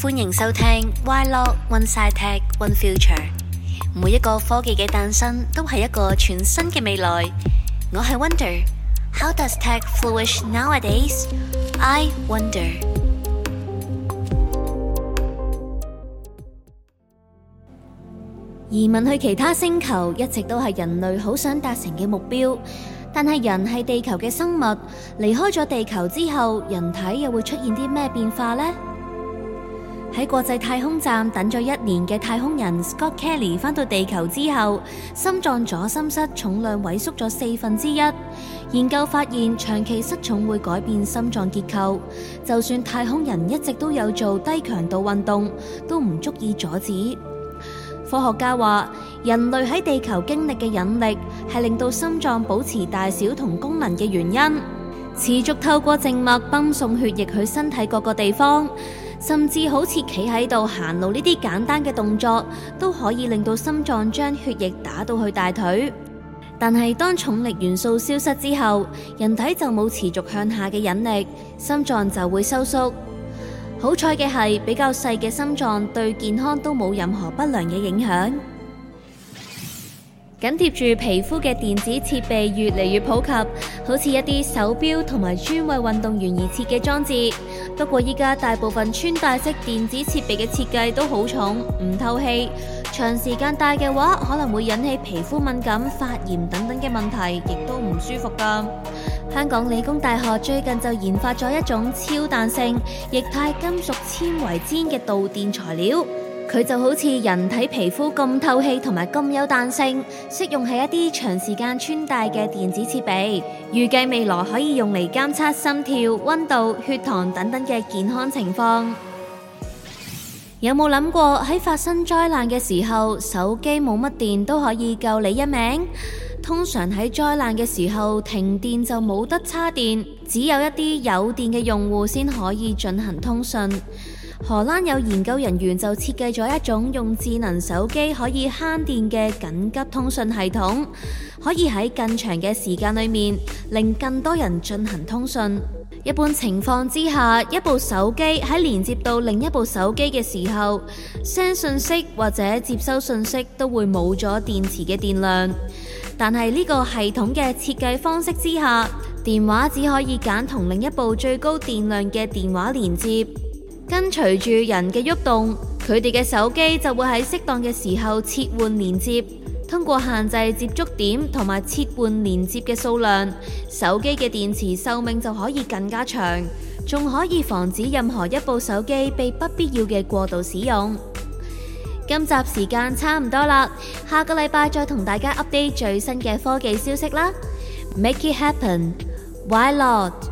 歡迎收聽 Y-LOT，one tech one future。每一個科技嘅誕生都係一個全新嘅未來。我係 Wonder，How does tech flourish nowadays？I wonder。移民去其他星球一直都係人類好想達成嘅目標，但係人係地球嘅生物，離開咗地球之後，人體又會出現啲咩變化呢？喺國際太空站等咗一年嘅太空人 Scott Kelly 返到地球之後，心臟左心室重量萎縮咗四分之一。研究發現，長期失重會改變心臟結構，就算太空人一直都有做低強度運動，都唔足以阻止。科學家話，人類喺地球經歷嘅引力係令到心臟保持大小同功能嘅原因，持續透過靜脈泵送血液去身體各個地方。甚至好似企喺度行路呢啲簡單嘅動作，都可以令到心臟將血液打到去大腿。但係當重力元素消失之後，人體就冇持續向下嘅引力，心臟就會收縮。好彩嘅係比較細嘅心臟對健康都冇任何不良嘅影響。緊貼住皮膚嘅電子設備越嚟越普及，好似一啲手錶同埋專為運動員而設嘅裝置。不過依家大部分穿戴式電子設備嘅設計都好重，唔透氣，長時間戴嘅話可能會引起皮膚敏感、發炎等等嘅問題，亦都唔舒服噶。香港理工大學最近就研發咗一種超彈性液態金屬纖維氈嘅導電材料。佢就好似人體皮膚咁透氣同埋咁有彈性，適用係一啲長時間穿戴嘅電子設備。預計未來可以用嚟監測心跳、溫度、血糖等等嘅健康情況。 有冇諗過喺發生災難嘅時候，手機冇乜電都可以救你一命？通常喺災難嘅時候，停電就冇得叉電，只有一啲有電嘅用戶先可以進行通訊。荷蘭有研究人員就設計咗一種用智能手機可以慳電嘅緊急通訊系統，可以喺更長嘅時間裏面令更多人進行通訊。一般情況之下，一部手機喺連接到另一部手機嘅時候，send 信息或者接收信息都會冇咗電池嘅電量。但係呢個系統嘅設計方式之下，電話只可以揀同另一部最高電量嘅電話連接。跟隨住人嘅喐動，佢哋嘅手機就會喺適當嘅時候切換連接。通過限制接觸點同埋切換連接嘅數量，手機嘅電池壽命就可以更加長，仲可以防止任何一部手機被不必要嘅過度使用。今集時間差唔多啦，下個禮拜再同大家 update 最新嘅科技消息啦。Make it happen, Y-LOT。